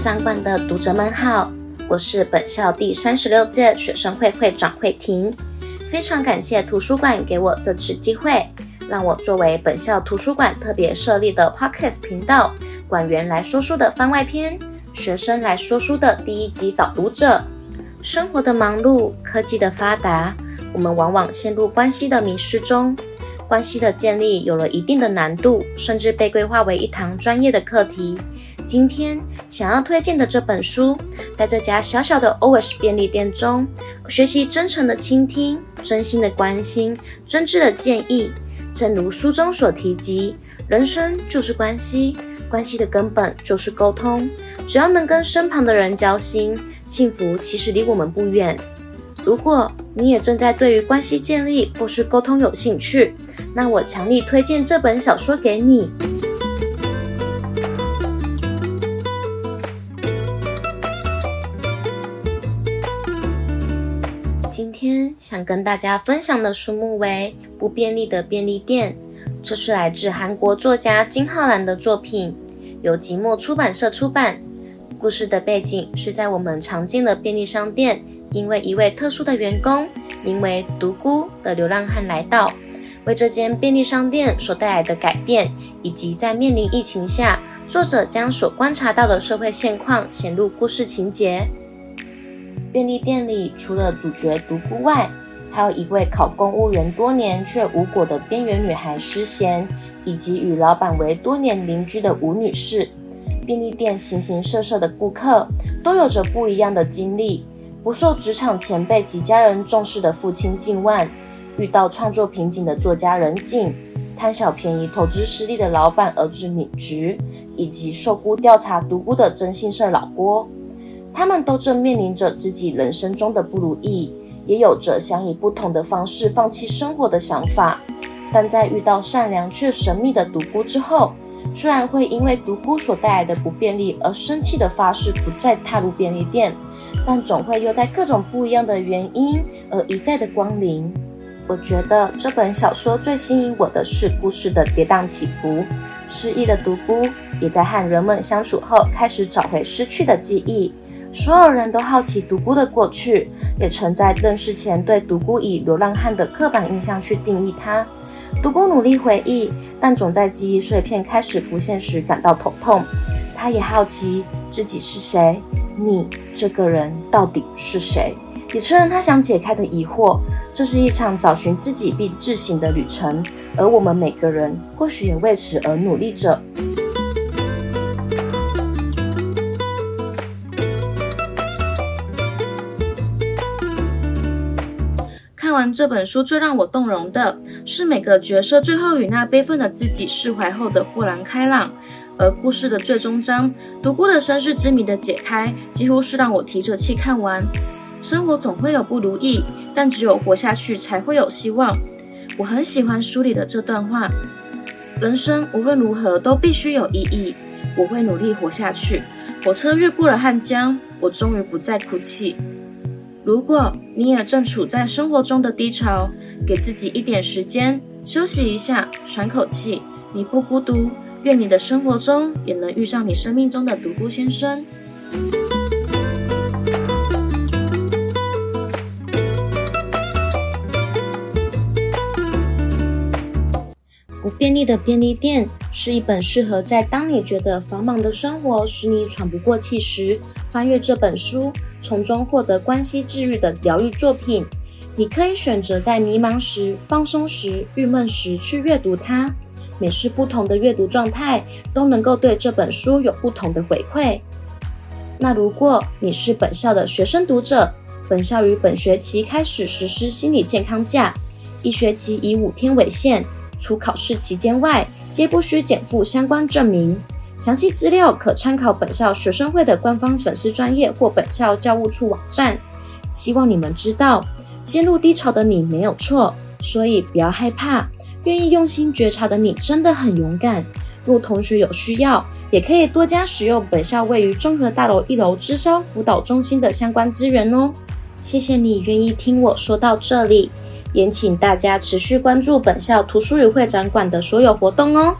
掌管的讀者們好，我是本校第三十六屆學生會會長惠婷，非常感謝圖書館給我這次機會，讓我作為本校圖書館特別設立的 Podcast 頻道館員來說書的番外篇，學生來說書的第一集導讀者。生活的忙碌，科技的發達，我們往往陷入關係的迷失中，關係的建立有了一定的難度，甚至被規劃為一堂專業的課題。今天想要推薦的這本書，在這家小小的 ALWAYS 便利店中，學習真誠的傾聽、真心的關心、真摯的建議。正如書中所提及，人生就是關係，關係的根本就是溝通。只要能跟身旁的人交心，幸福其實離我們不遠。如果你也正在對於關係建立或是溝通有興趣，那我強力推薦這本小說給你。今天想跟大家分享的書目為《不便利的便利店》，這是來自韓國作家金浩然的作品，由寂寞出版社出版。故事的背景是在我們常見的便利商店，因為一位特殊的員工，名為獨孤的流浪漢來到，為這間便利商店所帶來的改變，以及在面臨疫情下，作者將所觀察到的社會現況顯露故事情節。便利店裡除了主角獨孤外，還有一位考公務員多年卻無果的邊緣女孩施賢，以及與老板為多年鄰居的吳女士。便利店形形色色的顧客都有着不一樣的經歷。不受職場前輩及家人重視的父親靳萬，遇到創作瓶頸的作家任靜，貪小便宜投資失利的老板兒子敏直，以及受雇調查獨孤的徵信社老郭。他們都正面臨着自己人生中的不如意，也有着想以不同的方式放棄生活的想法。但在遇到善良卻神秘的獨孤之後，雖然會因為獨孤所帶來的不便利而生氣的發誓不再踏入便利店，但總會又在各種不一樣的原因而一再的光臨。我覺得這本小說最吸引我的是故事的跌宕起伏。失憶的獨孤也在和人們相處後開始找回失去的記憶。所有人都好奇獨孤的過去，也曾在認識前對獨孤以流浪漢的刻板印象去定義他。獨孤努力回憶，但總在記憶碎片開始浮現時感到頭痛。他也好奇自己是誰，你這個人到底是誰？也承認他想解開的疑惑，這是一場找尋自己並自省的旅程，而我們每個人或許也為此而努力着。這本書最讓我動容的是每個角色最後與那悲憤的自己釋懷後的豁然開朗，而故事的最終章，獨孤的身世之謎的解開，幾乎是讓我提着氣看完。生活總會有不如意，但只有活下去才會有希望。我很喜歡書裡的這段話：人生無論如何都必須有意義。我會努力活下去。火車越過了漢江，我終於不再哭泣。如果你也正處在生活中的低潮，給自己一點時間，休息一下，喘口氣。你不孤獨，願你的生活中也能遇上你生命中的獨孤先生。不便利的便利店是一本適合在當你覺得繁忙的生活使你喘不過氣時，翻閱這本書，從中獲得關係治癒的療癒作品，你可以選擇在迷茫時、放鬆時、鬱悶時去閱讀它。每次不同的閱讀狀態，都能夠對這本書有不同的回饋。那如果你是本校的學生讀者，本校於本學期開始實施心理健康假，一學期以五天為限，除考試期間外，皆不需檢附相關證明。詳細資料可參考本校學生會的官方粉絲專頁或本校教務處網站。希望你們知道，陷入低潮的你沒有錯，所以不要害怕。願意用心覺察的你真的很勇敢。若同學有需要，也可以多加使用本校位於綜合大樓一樓諮商輔導中心的相關資源哦。謝謝你願意聽我說到這裡，也請大家持續關注本校圖書與會展館的所有活動哦。